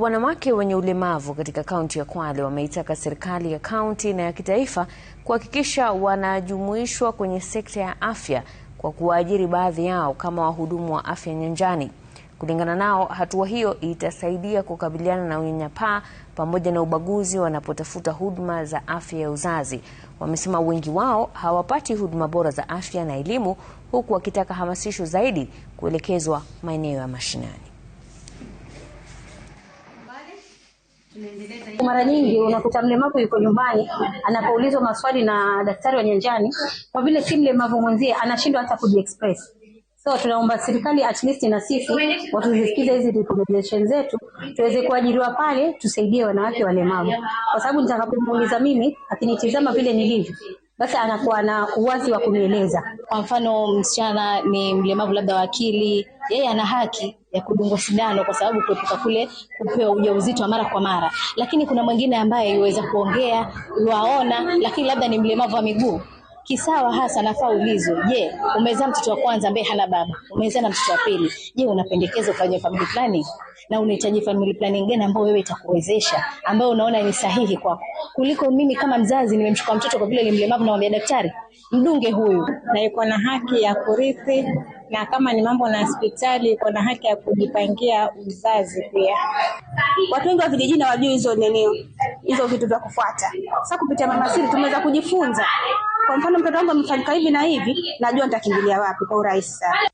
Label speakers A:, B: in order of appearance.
A: Wanawake wenye ulemavu katika kaunti ya Kwale wameitaka serikali ya kaunti na ya kitaifa kuhakikisha wanajumuishwa kwenye sekta ya afya kwa kuwaajiri baadhi yao kama wahudumu wa afya nyanjani. Kulingana nao, hatua hiyo itasaidia kukabiliana na unyanyapaa pamoja na ubaguzi wanapotafuta huduma za afya ya uzazi. Wamesema wengi wao hawapati huduma bora za afya na elimu, huku wakitaka hamasisho zaidi kuelekezwa maeneo ya mashinani.
B: Mara nyingi unakuta mlemavu yuko nyumbani, anapoulizwa maswali na daktari wa nyanjani, kwa vile si mlemavu mwenzie, anashindwa hata kujiexpress. So tunaomba serikali at least na sisi watu watuzisikize hizi recommendation zetu, tuweze kuajiriwa pale, tusaidie wanawake walemavu, kwa sababu nitakapomuuliza mimi, akinitizama vile nilivyo basi anakuwa na uwazi wa kunieleza.
C: Kwa mfano, msichana ni mlemavu labda wa akili yeye ana haki ya kudungwa sindano kwa sababu kuepuka kule kupewa ujauzito wa mara kwa mara, lakini kuna mwingine ambaye yuweza kuongea, yuwaona, lakini labda ni mlemavu wa miguu kisawa hasa nafaa ulizwe, je, umezaa mtoto wa kwanza ambaye hana baba, umezaa na mtoto wa pili, je, unapendekeza ufanye family planning na unahitaji family planning gani ambayo wewe itakuwezesha ambayo unaona ni sahihi kwako, kuliko mimi kama mzazi nimemchukua mtoto kwa vile ni mlemavu, na namwambia daktari mdunge huyu,
D: na yuko na haki ya kurithi na kama ni mambo na hospitali iko na haki ya kujipangia uzazi pia.
B: Watu wengi wa vijijini hawajui hizo nini hizo vitu vya kufuata. Sasa kupitia Mama Siri tumeweza kujifunza kwa mfano mtoto wangu amefanyika hivi na hivi, najua nitakimbilia wapi kwa urahisi sana.